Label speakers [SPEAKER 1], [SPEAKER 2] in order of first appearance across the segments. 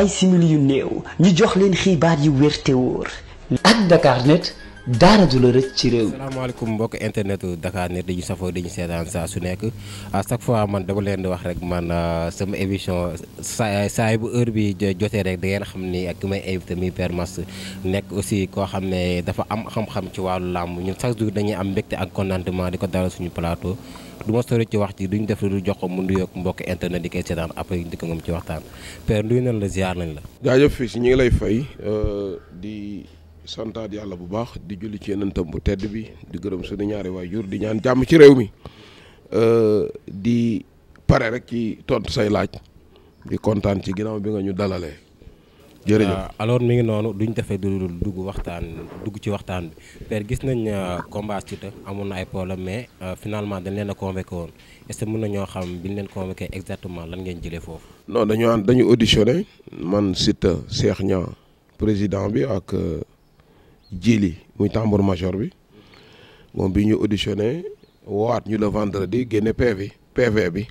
[SPEAKER 1] ay simili yu néew ñu jox leen xibaar yu wér te wóor. ak Dakarnet daara du la rëcc ci réew mi. salaamaaleykum mbokk internetu Dakar ne dañu safoo dañu seetaan saa su nekk à fois man dama leen di wax rek man euh, sama émission saa saa bu heure bi jotee rek da ngeen xam ni ak ki may invité muy Père Mass nekk aussi koo xam ne dafa am xam-xam ci wàllu làmb ñun chaque jour dañuy am mbégte ak contentement di ko dalal suñu plateau du ma sori ci wax ci duñ def lu jox ko mu nuyoog mbokk internet di koy seetaan après di ko moom ci waxtaan Père nuyu nañ la ziar nañ la.
[SPEAKER 2] ñu ngi lay fay euh, di. santaat yàlla bu baax di julli ci yenentam bu tedd bi di gërëm suñu ñaari waajur di ñaan jàmm ci réew mi euh, di pare rek ci tontu say laaj di kontaan ci ginnaaw bi nga ñu
[SPEAKER 1] dalalee. jërëjëf ah, alors mi ngi noonu duñ defee du dugg waxtaan dugg ci waxtaan bi père gis nañ euh, combat Siteu amoon na ay problème mais euh, finalement dañ leen a convoqué woon est mën na ñoo xam bi ñu leen convoqué exactement lan ngeen jëlee foofu.
[SPEAKER 2] non dañu ànd dañu auditionné man Siteu Cheikh Niang Djili muy tambour major bi moom bi ñu auditionné woowaat ñu le vendredi génne PV bi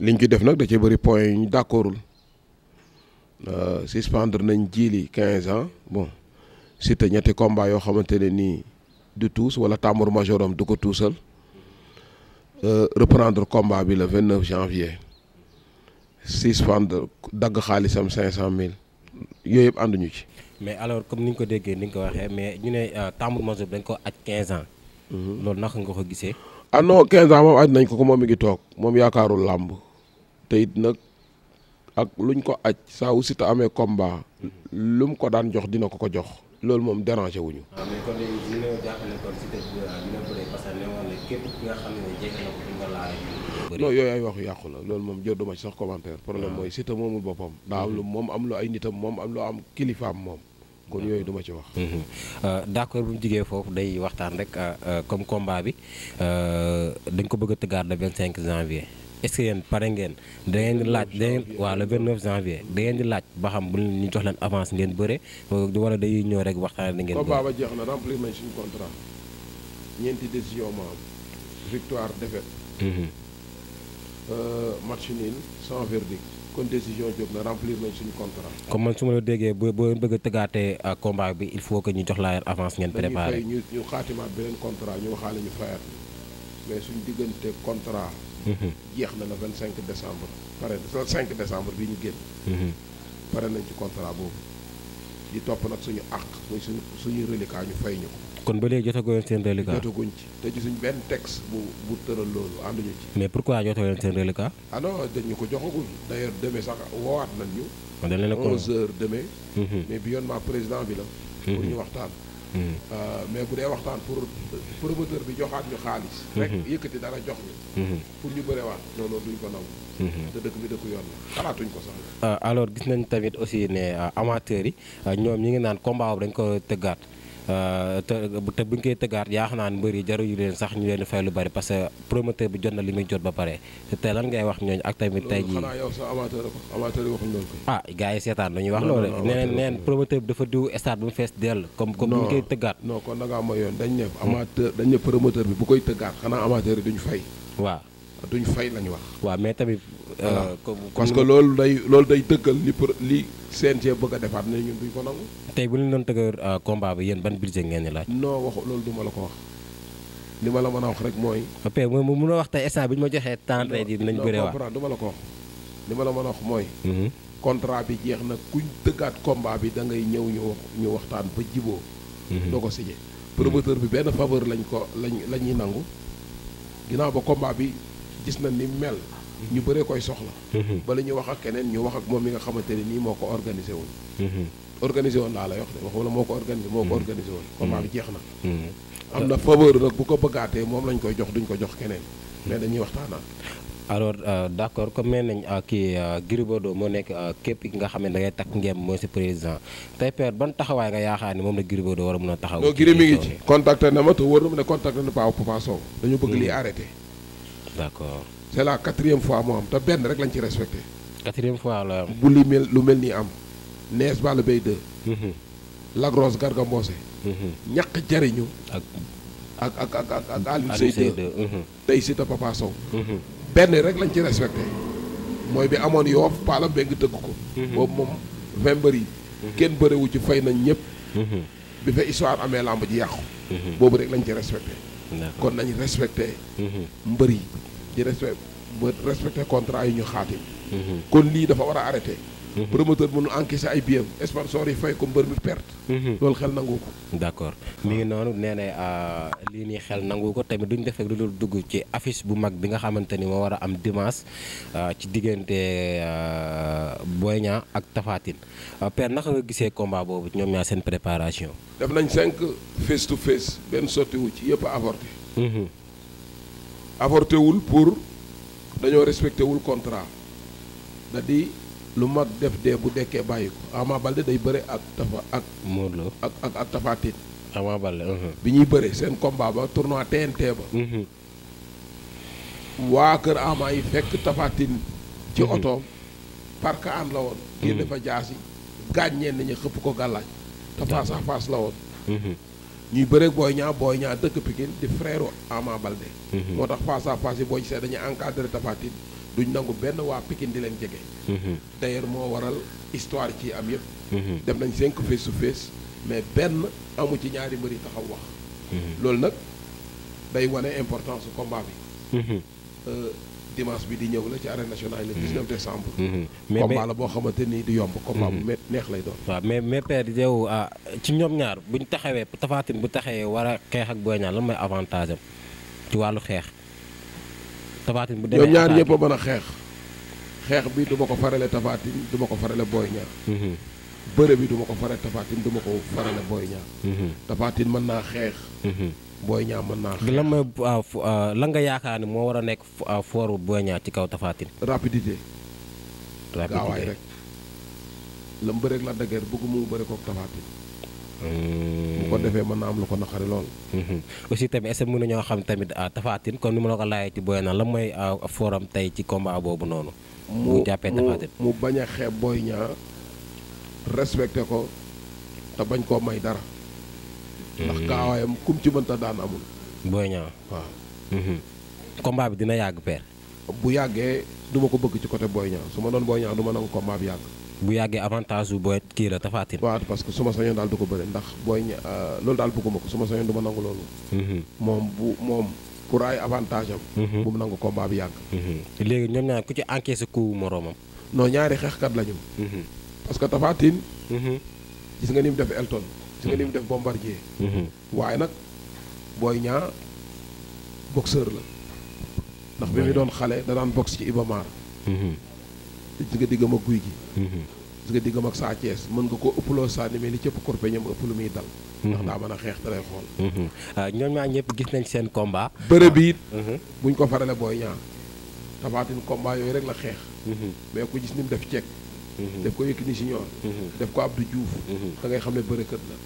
[SPEAKER 2] liñ ci def nag da ci bëri point yi ñu d'accordul euh, pendre nañ Djili 15 ans bon Siteu ñetti combat yoo xamante ne nii du tuus wala tambour major am du ko tuusal euh, reprendre combat bi le 29 janvier suspendre dagg xaalisam cinq cent 500000 yooyu yëpp ànduñu ci.
[SPEAKER 1] mais alors comme ni nga ko déggee ni nu ko waxee mais ñu ne euh, Tambour Major dañ ko aj quinze ans. Mhm. loolu naka nga ko gisee. ah non 15 ans moom
[SPEAKER 2] aj nañ ko ko moom mi ngi toog moom yaakaaru làmb te it nag ak luñ ko aj saa wu amee combat lu mu ko daan jox dina ko ko jox loolu moom dérangé wuñu
[SPEAKER 1] ah, waaw bëri non
[SPEAKER 2] yooyu ay waxu yàqu la loolu moom jër duma ci sax commentaire problème ah. mooy Siteu moomul boppam daa am lu mm-hmm. moom am lu nitam moom am lu am kilifaam moom kon yooyu duma ci wax
[SPEAKER 1] mm-hmm. euh, d'accord bu ñu jigee foofu day waxtaan rek euh, euh, comme combat bi dañ ko bëgg a tëggaat le cinq janvier est-ce que yéen pare ngeen da ngeen di laaj da waala waaw le 29 janvier da ngeen di laaj ba xam bu ñu jox leen avance ngeen bëre wala day ñëw rek waxtaan da ngeen combat ba
[SPEAKER 2] jeex na remplir nañ suñu contrat ñeenti décision ma am victoire défaite mm-hmm. Euh, match nul sans verdict kon décision jóg na remplir nañ suñu contrat.
[SPEAKER 1] comme man su la déggee boo boo bëgg a tëggaatee euh, combat bi il faut que ñu jox la avance ngeen préparé.
[SPEAKER 2] ñu ñu xaatimaat beneen contrat ñu waxaale ñu fayaat mais suñu diggante contra mhm. jeex na le 25 décembre. pare le 5 décembre bi ñu génn. Mhm. pare nañ ci contrat boobu. di topp nag suñu àq muy suñu suñu ñu fay ñu ko.
[SPEAKER 1] kon ba léegi jotagoo leen seen reliquat. jotaguñ
[SPEAKER 2] ci te gisuñ benn texte bu bu tëral loolu ànduñu
[SPEAKER 1] ci. mais pourquoi jotoo leen seen reliquat.
[SPEAKER 2] ah non ko joxagul d' ailleurs demee sax woowaat nañ ñu. Ah, a ko 11h demee. Mhm. mais bi yoon ma bi la.
[SPEAKER 1] Mhm. pour ñu
[SPEAKER 2] waxtaan. Mhm. Euh, mais bu dee waxtaan pour promoteur bi joxaat ñu xaalis. rek yëkkati dara jox ñu. pour ñu bërewaat loolu duñ ko naw. te dëkk bi dëkku yoon la xalaatuñ ko sax.
[SPEAKER 1] Euh, alors gis nañ tamit aussi ne euh, amateurs yi ñoom ñi ngi naan combat boobu dañ ko tëggaat. Euh, te te bu ñu koy tëggaat yaa xam naa mbër yi jaru leen sax ñu leen fay lu bari parce que promoteur bi jot na li muy jot ba pare te tey lan ngay wax ñooñu ak tamit tey jii ah gars yi seetaan dañuy wax loolu neen neen promoteur bi dafa diw stade bu mu fees dell comme comme bu ñu koy tëggaat non kon da ngaa yoon dañ
[SPEAKER 2] ne promoteur bi bu koy tëggaat xanaa amateur yi duñu fay
[SPEAKER 1] waa duñ fay lañu wax. waa mais tamit. Euh, parce que loolu day loolu day dëggal li pro li CNG bëgg a defaat ne ñun duñ ko nangu. tey bu ñu doon tëgg euh, combat bi yéen ban budget ngeen di laaj. non wax loolu du ma la ko wax li ma la mën a wax rek mooy. après ah, mu munoo wax tey instant bi ñu ma joxee temps tey jii dinañ bëree wax
[SPEAKER 2] non ma la ko wax la mën a wax mooy. Mm-hmm. contrat bi jeex na kuñ dëggaat combat bi da ngay ñëw ñu ñu waxtaan ba jiboo mm-hmm. doo ko signé. promoteur bi benn faveur lañ ko lañ la ñuy nangu ginnaaw ba combat bi. gis na ni mel. ñu bëree koy soxla. Mhm. bala ñu wax ak keneen ñu wax ak moom mi nga xamante ne nii moo ko organisé woon. Mhm. organisé woon laa lay wax de wax wala moo ko organisé moo ko mhm. organisé woon. combat bi jeex na.
[SPEAKER 1] am na faveur nag bu ko bëggaatee moom ko jox keneen. mais dañuy waxtaanaan. alors euh, d' accord comme mel nañ euh, kii euh, moo nekk euh, képp ki nga xam ne da ngay takk ngeem mooy si président tey père ban taxawaay nga yaakaar ni moom la Gris war a mën a taxaw. non Gris mi ngi ci contacté na ma te wóor na a ne contacté na Paa Papa Sow. dañu bëgg lii arrêté.
[SPEAKER 2] d' accord c' est fois moo am te benn rek lañ ci respecté. bu li mel lu mel nii am. nees Balla Beye 2. Lagros Garga Mbossé. Mhm. ñàkk jariñu ak ak ak ak ak ak Alioune Seye 2. Mhm. tey si te Papa Sow. Mhm. benn rek lañ ci respecte mooy bi amoon yoo paala beng tëgg ko. boobu moom vingt mbër kenn bërewu ci fay nañ ñëpp. bi fa histoire amee làmb ji yàqu. boobu rek lañ ci respecté. kon nañu respecté mm-hmm. mbër yi di respect respecté contrat yu ñu xaatim mm-hmm. kon lii dafa war a arrêté
[SPEAKER 1] Mhm. promoteur mënu encaissé ay biem sponsor yi fay ko mbër mi perte mhm. loolu xel nangu ko d' accord mi ngi noonu nee na ah, lii nii xel nangu ko tamit duñ def rek lu dugg ci affiche bu mag bi nga xamante ni moo war a am dimaas ah, ci diggante ah, Boy Niang ak Tapha Tine père naka nga gisee combat boobu ñoom ñaa seen préparation
[SPEAKER 2] def nañ cinq face to face benn sotti ci yëpp a
[SPEAKER 1] mhm. avorté wul
[SPEAKER 2] pour dañoo respecté wul contrat da di lu mag def dee bu dekkee bàyyi ko Ama Baldé day bëre ak Tafa ak. Modou uh-huh. bi ñuy bëre seen combat ba tournoi TNT ba. Uh-huh. waa kër Ama yi fekk Tapha Tine ci uh-huh. otoom parc an la woon. génn fa jaasi gaaññee nañu xëpp ko gàllaaj te face la woon. ñuy bëreeg booy ñaa booy ñaa dëkk Pikine di frère Ama Baldé. moo tax face à face yi booy gisee dañuy encadré Tapha duñ nangu benn waa Pikine di leen jege. Mhm. d'ailleurs moo waral histoire ci am yëpp. Mhm. dem nañ cinq face to face mais benn amu ci ñaari mbër taxaw wax. Mhm. loolu nag day wane importance su combat bi. Euh, dimanche bi di ñëw la ci arène nationale le 19 décembre. mais combat la boo xamante ni
[SPEAKER 1] di yomb. combat bu neex lay doon. waaw mais mais père yow ah, ci ñoom ñaar buñ taxawee Tapha Tine bu taxawee war a xeex ak Boy Niang lan mooy avantage am ci wàllu xeex. Tafatin bu demee ñoom ñaar a mën a xeex xeex bi du ma ko farale Tafatin du ma ko farale Boy Niang mhm. bëre bi mhm. mën naa xeex mhm. Boy Niang mën naa ah, ah, lan nga yaakaar ni moo war a nekk ah, fooru Boy Niang ci kaw Tafatin rapidité gaawaay rek
[SPEAKER 2] lam bëreeg la dëgër bëgg mu
[SPEAKER 1] Hmm. bu ko defee mën na am lu ko naqari lool. Hmm. aussi tamit est-ce que mën xam tamit ah, Tapha Tine comme ni ma la ko laajee ci Boy Niang la mooy ah, forum tey ci combat boobu noonu.
[SPEAKER 2] mu jàppee Tapha mu bañ a xeeb Boy Niang respecté ko te bañ koo may dara. ndax kaawaayam hmm. kum ci mënta daan amul. Boy Niang waaw. combat bi dina yàgg père. bu yàggee duma ko bëgg ci côté Boy Niang su ma doon Boy Niang du ma nangu combat bi yàgg. bu yàggee avantage bu booy kii la Tapha Tine. waaw parce que suma sañoon daal du ko bëre ndax booy ña euh, loolu daal bëgguma ko suma sañoon du ma nangu loolu. Mhm. moom bu moom pour ay avantage am. Mhm. bu mu nangu combat bi yàgg. Mhm. léegi ñoom ñaar ku ci encaissé coup moroomam. non ñaari xeexkat lañu. parce que Tapha gis nga ni mu def Elton. gis nga ni mu def Bombardier. waaye nag booy ñaa boxeur la. ndax bi muy doon xale da daan box ci Ibamar. ci nga diggam ak guy gi ci mm-hmm. nga diggam ak Sa Thiès mën nga ko ëpploo sànni mais li cëpp kurpeñam ëpp lu muy dal mm-hmm. ndax daa mën a xeex te lay xool ñoom ñaar ñëpp gis nañ seen combat bërëb bi it mm-hmm. buñ ko farale booy ñaar tabaatin combat yooyu rek la xeex mais ku gis ni mu def ceek def ko Yékini Junior def ko Abdou Diouf da ngay xam ne bërëkët la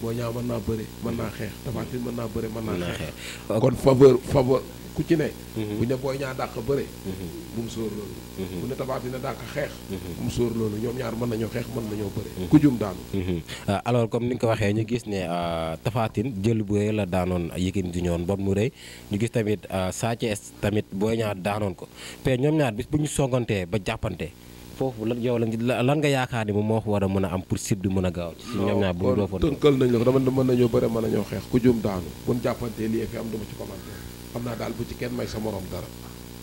[SPEAKER 2] boo ñaaw mën naa bëre mën naa xeex Tapha Tine mën naa bëre mën naa xeex kon faveur faveur ku ci ne mhm. buñ ne booy ñaa dàq ba mhm. bu mu mhm. bu na dàq xeex bu mu sóor loolu ñoom ñaar mën nañoo xeex mën nañoo bëre ku
[SPEAKER 1] jum daanu euh, alors comme ni nga ko waxee ñu gis ne euh, tafaatin jël bu rëy la daanoon Yékini junior mbot mu rëy ñu gis tamit euh, Sa Thiès tamit booy ñaar daanoon ko te ñoom ñaar bis bu ñu songantee ba jàppante foofu lan yow lan nga yaakaar ni moom moo war mën am pour sib a gaaw ci ñoom
[SPEAKER 2] mën nañoo bëre mën nañoo xeex ku jum daanu bu ñu jàppantee lii fi am duma ci commentaire xam naa daal bu ci kenn may sa morom dara.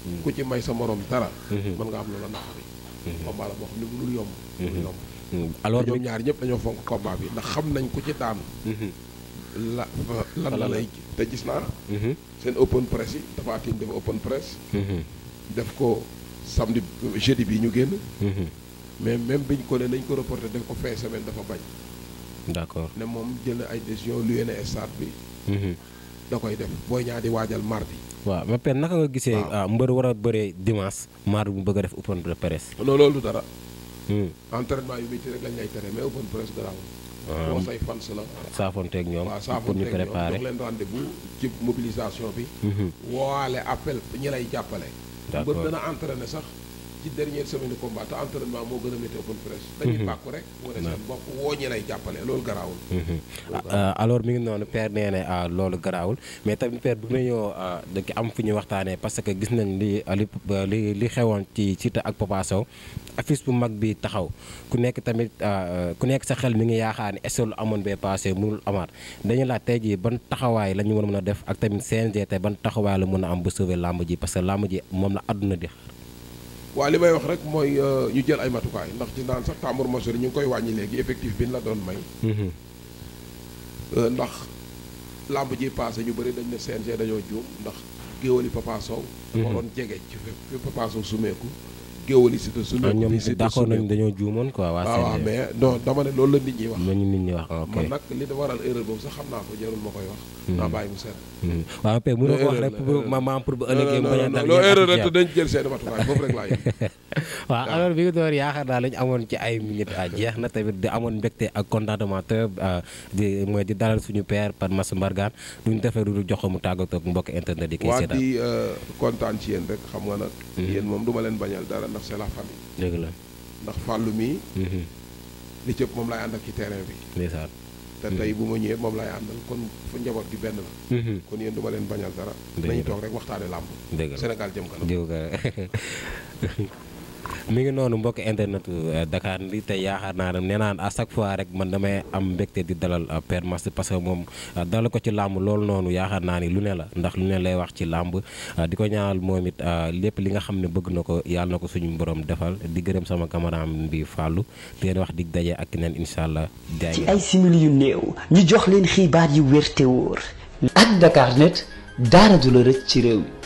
[SPEAKER 2] Hmm. ku ci may sa moroom dara. Hmm. mën nga am loola naqari. Hmm. combat a boo xam ne bu dul yomb. yomb alors ñoom ñaar ñëpp dañoo fonk combat bi ndax xam nañ ku ci daanu. la lan la lay te gis naa. seen open press yi dafa atin dafa open press. def ko samedi jeudi bi ñu génn. mais même biñ ko ne nañ ko reporté def ko fin semaine dafa bañ. d'accord ne moom jël ay décision lu yéene stade bi. da koy def booy ñaa di waajal mardi.
[SPEAKER 1] waaw ba pare naka nga gisee. waaw ah, mbër war a bëree dimanche. mardi mu bëgg a def open press.
[SPEAKER 2] non loolu dara. Hmm. entraînement yu métti rek lañ lay tere mais open press dara waaw ah. say fans la.
[SPEAKER 1] ñoom pour leen
[SPEAKER 2] rendez-vous ci mobilisation bi. Mhm. woowaale appel ñi lay jàppale. d'accord mbër dana entraîné sax. ci dernière semaine de combat te moo gën a métti open press.
[SPEAKER 1] Mhm. dañuy bàkku rek. wane seen
[SPEAKER 2] bopp woo ñi lay jàppale loolu garaawul.
[SPEAKER 1] Mhm. Ah, euh, alors mi ngi noonu père nee na ah, loolu garaawul mais tamit père bu nañoo ah, da am fu ñu waxtaanee parce que gis nañ li li li xewoon ci Siteu ak Papa Sow bu mag bi taxaw ku nekk tamit euh, ku nekk sa xel mi ngi yaakaar ne est-ce que lu amoon bee passé mënul amaat dañu laaj tey jii ban taxawaay la ñu war a mën a def ak tamit CNG ban taxawaay la mën a am ba sauver làmb ji parce que làmb ji moom la àdduna di
[SPEAKER 2] waaw li may wax rek mooy euh, ñu jël ay matukaay ndax ci naan sax Tambour Major ñu ngi koy wàññi léegi effectif bi ñu la doon may. Mm-hmm. Euh, ndax làmb ji paase ñu bëri dañ ne CNG dañoo juum ndax géwël yi Papa Sow. dafa mm-hmm. doon jege ci fi Papa sumeeku. géwël yi Siteu su nekk ah, ñoom d'accord nañ
[SPEAKER 1] dañoo juumoon quoi waa waaw ah, mais non loolu la nit ñi wax lañu nit ñi wax man nag
[SPEAKER 2] li xam naa ko jarul ma koy hmm. hmm.
[SPEAKER 1] ko wax rek ma maam bu ëllëgee a dañ jël seen matuwaay boobu rek laa bi nga door yaakaar naa lañu amoon ci ay minutes a ah, jeex na tamit di amoon mbégte ak contentement te di mooy di dalal suñu per par Mass Mbargane duñ defee lu jox ko mu tàggatoo ak mbokk internet yi koy seetaan waa di
[SPEAKER 2] euh, kontaan ci xam nga nag hmm. yéen moom duma leen bañal dara ndax c'est la famille. dëgg la ndax fàllu mii. Mm-hmm. li cëpp moom laay àndal ci terrain bi. ndeysaan. te mm-hmm. tey bu ma ñëwee moom laay àndal kon fa njaboot gi benn la. Mm-hmm. kon yéen du ma leen bañal dara. dëgg nañu toog rek waxtaane làmb. dëgg la Sénégal jëm kanam.
[SPEAKER 1] mi ngi noonu mbokk internet euh, Dakar li te yaakaar naa ne nee naan à chaque fois rek man damay am mbégte di dalal euh, Père parce que moom euh, dalal ko ci làmb loolu noonu yaakaar naa ni lu ne la ndax lu ne lay wax ci làmb di ko ñaanal moom it lépp li nga xam ne bëgg na ko yàlla na ko suñu boroom defal di gërëm sama cameraman bi Fallou di leen wax dig daje ak keneen incha allah. ci ay simili yu néew ñu jox leen xibaar yu wér te wóor. ak Dakarnet dara du la rëcc ci réew